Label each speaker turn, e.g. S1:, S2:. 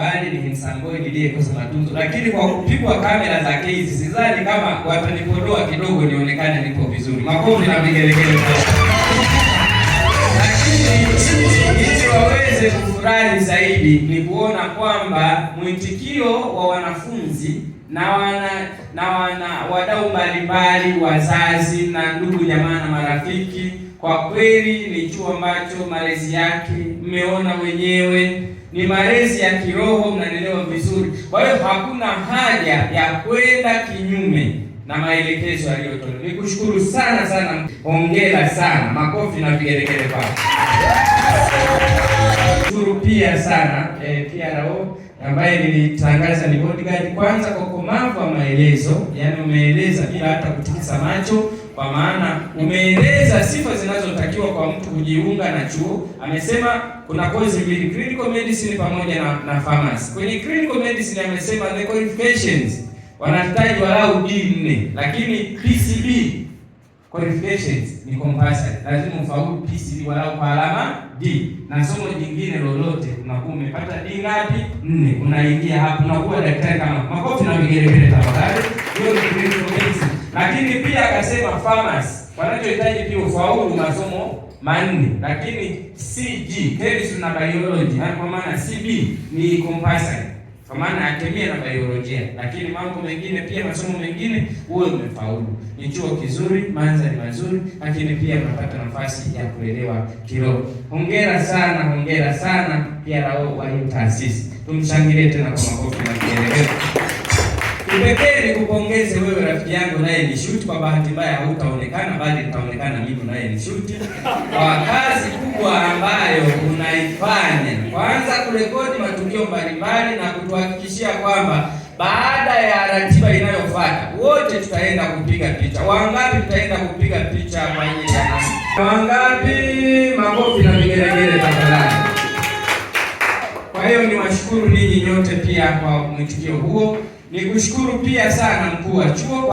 S1: mbali ni Msamboi niliyekosa matunzo, lakini kwa kupigwa kamera za kesi sidhani kama watanipodoa kidogo nionekane niko vizuri. Makofi na vigelegele, waweze kufurahi zaidi ni kuona kwamba mwitikio wa wanafunzi na wana mbalimbali, wazazi na ndugu, jamaa na marafiki. Kwa kweli ni chuo ambacho malezi yake mmeona wenyewe ni malezi ya kiroho, mnanielewa vizuri. Kwa hiyo hakuna haja ya kwenda kinyume na maelekezo yaliyotolewa. Nikushukuru sana sana, hongera sana, makofi na vigelegele kwako kumshukuru pia sana eh, PRO ambaye nilitangaza ni bodyguard kwanza kwa ukomavu wa maelezo, yaani umeeleza bila hata kutikisa macho, kwa maana umeeleza sifa zinazotakiwa kwa mtu kujiunga na chuo. Amesema kuna kozi mbili, clinical medicine pamoja na, na pharmacy. Kwenye clinical medicine amesema the qualifications wanahitaji walau D nne, lakini PCB qualifications ni compulsory, lazima ufaulu PCB walau kwa alama D, na somo jingine lolote unakuwa umepata D ngapi? Nne. Unaingia hapo unakuwa daktari. Kama makofi na vigelegele tafadhali. Hiyo ni kitu medicine, lakini pia akasema pharmacy wanachohitaji pia ufaulu masomo manne, lakini CG chemistry na biology, yaani kwa maana CB ni compulsory kwa maana ya kemia na biolojia, lakini mambo mengine pia, masomo mengine uwe umefaulu. Ni chuo kizuri, mandhari mazuri, lakini pia unapata nafasi ya kuelewa kiroho. Hongera sana, hongera sana pia lao wa hiyo taasisi. Tumshangilie tena kwa makofi na kielelezo. Kipekee kupongeze wewe rafiki yangu naye ni shuti, kwa bahati mbaya hautaonekana, bali nitaonekana mimi naye ni shuti kwa kazi kubwa ambayo unaifanya, kwanza kurekodi matukio mbalimbali na kutuhakikishia kwamba baada ya ratiba inayofuata wote tutaenda kupiga picha. Wangapi tutaenda kupiga picha kwenye kanisa? Wangapi? Makofi na vigelegele tafadhali. Kwa hiyo niwashukuru ninyi nyote pia kwa mwitikio huo. Nikushukuru pia sana mkuu wa chuo.